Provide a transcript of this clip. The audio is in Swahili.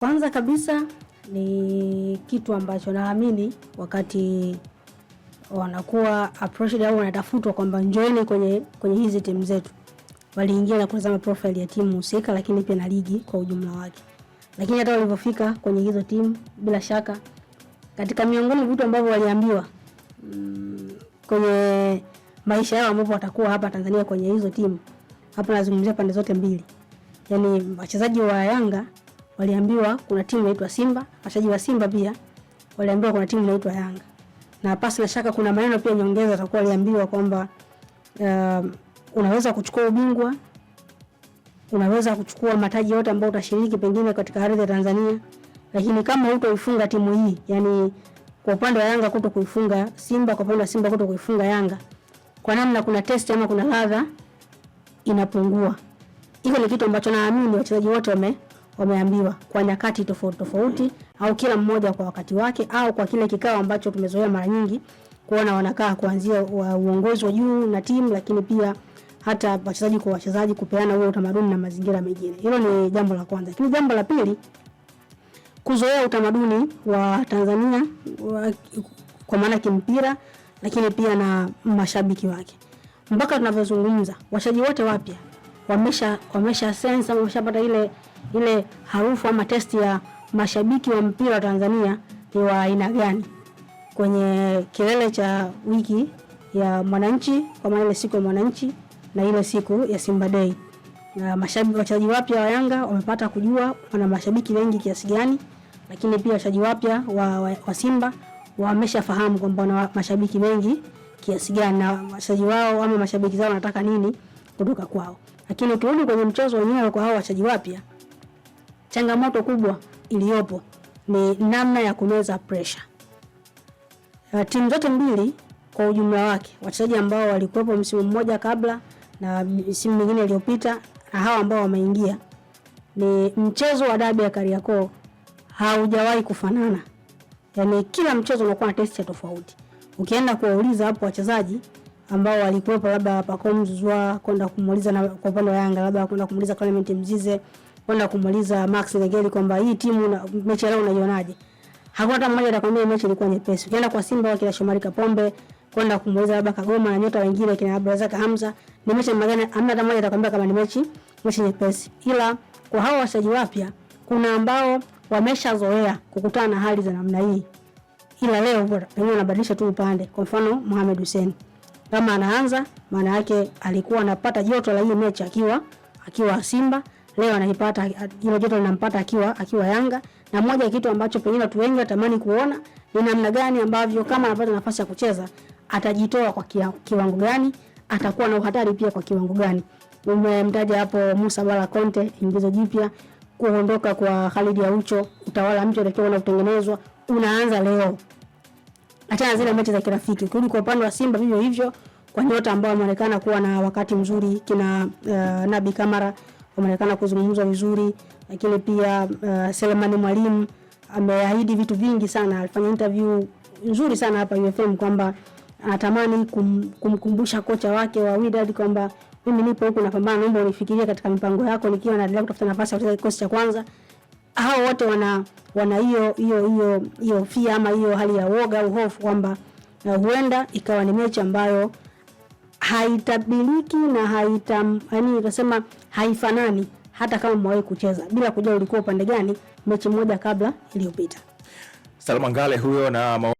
Kwanza kabisa ni kitu ambacho naamini wakati wanakuwa approached au wanatafutwa kwamba njoeni kwenye, kwenye hizi timu zetu, waliingia na kutazama profile ya timu husika, lakini pia na ligi kwa ujumla wake. Lakini hata walivyofika kwenye hizo timu, bila shaka, katika miongoni vitu ambavyo waliambiwa mm, kwenye maisha yao ambapo watakuwa hapa Tanzania kwenye hizo timu, hapa nazungumzia pande zote mbili, yani wachezaji wa Yanga waliambiwa kuna timu inaitwa Simba, wachezaji wa Simba pia waliambiwa kuna timu inaitwa Yanga, na pasi na shaka kuna maneno pia nyongeza atakuwa waliambiwa kwamba uh, unaweza kuchukua ubingwa, unaweza kuchukua mataji yote ambayo utashiriki pengine katika ardhi ya Tanzania, lakini kama hutoifunga timu hii, yani kwa upande wa Yanga kuto kuifunga Simba, kwa upande wa Simba kuto kuifunga Yanga, kwa namna kuna test ama kuna ladha inapungua. Hiyo ni kitu ambacho naamini wachezaji wote wame wameambiwa kwa nyakati tofauti tofauti, au kila mmoja kwa wakati wake, au kwa kile kikao ambacho tumezoea mara nyingi kuona wanakaa kuanzia wa uongozi wa juu na timu, lakini pia hata wachezaji kwa wachezaji kupeana huo utamaduni na mazingira mengine. Hilo ni jambo la kwanza, lakini jambo la pili kuzoea utamaduni wa Tanzania wa, kwa maana kimpira, lakini pia na mashabiki wake. Mpaka tunavyozungumza washaji wote wapya wamesha wamesha sensa wameshapata ile ile harufu ama testi ya mashabiki wa mpira wa Tanzania ni wa aina gani kwenye kilele cha wiki ya mwananchi, kwa maana ile siku ya mwananchi na ile siku ya Simba Day. Na mashabiki wachezaji wapya wa Yanga wamepata kujua wana mashabiki wengi kiasi gani, lakini pia wachezaji wapya wa, wa, wa Simba wameshafahamu kwamba wana mashabiki wengi kiasi gani na wachezaji wao ama mashabiki zao wanataka nini kutoka kwao. Lakini ukirudi kwenye mchezo wenyewe kwa hao wachezaji wapya Changamoto kubwa iliyopo ni namna ya kumeza pressure. Timu zote mbili kwa ujumla wake, wachezaji ambao walikuwepo msimu mmoja kabla na msimu mwingine iliyopita na hawa ambao wameingia, ni mchezo wa dabi ya Kariakoo haujawahi kufanana. Yaani kila mchezo unakuwa na testi tofauti. Ukienda kuwauliza hapo wachezaji ambao walikuwepo, labda Pacome Zouzoua kwenda kumuuliza na kwa upande wa Yanga, labda kwenda kumuuliza Clement Mzize kwenda kumaliza Max Legeli kwamba hii timu na mechi leo unaionaje? Hakuna hata mmoja atakwambia mechi ilikuwa nyepesi. Ukienda kwa Simba wa kila Shomari Kapombe kwenda kumaliza labda Kagoma na nyota wengine kina Abdulrazak Hamza, ni mechi magani? Hamna hata mmoja atakwambia kama ni mechi mechi nyepesi. Ila kwa hao wachezaji wapya kuna ambao wameshazoea kukutana na hali za namna hii, ila leo bora pengine anabadilisha tu upande. Kwa mfano Mohamed Hussein kama anaanza, maana yake alikuwa anapata joto la hii mechi akiwa akiwa Simba leo anaipata hilo joto linampata akiwa akiwa Yanga, na moja ya kitu ambacho pengine watu wengi watamani kuona ni namna gani ambavyo kama anapata nafasi ya kucheza atajitoa kwa kiwango gani, atakuwa na uhatari pia kwa kiwango gani. Umemtaja hapo Musa Bala Conte, ingizo jipya, kuondoka kwa Khalid Aucho, utawala mpya utakao na kutengenezwa unaanza leo. Achana zile mechi za kirafiki. Kurudi kwa upande wa Simba vivyo hivyo kwa nyota ambao wameonekana kuwa na wakati mzuri kina uh, eh, Nabi Kamara wameonekana kuzungumza vizuri, lakini pia uh, Selemani Mwalimu ameahidi vitu vingi sana. Alifanya interview nzuri sana hapa UFM kwamba anatamani kum, kumkumbusha kocha wake wa Wydad kwamba mimi nipo huku napambana, naomba unifikirie katika mipango yako nikiwa naendelea kutafuta nafasi ya kucheza kikosi cha kwanza. Hao wote wana wana hiyo hiyo hiyo hiyo fia ama hiyo hali ya woga au hofu kwamba uh, huenda ikawa ni mechi ambayo haitabiliki na haita yani, utasema haifanani hata kama mwawe kucheza bila kujua ulikuwa upande gani mechi moja kabla iliyopita. Salama Ngale huyo na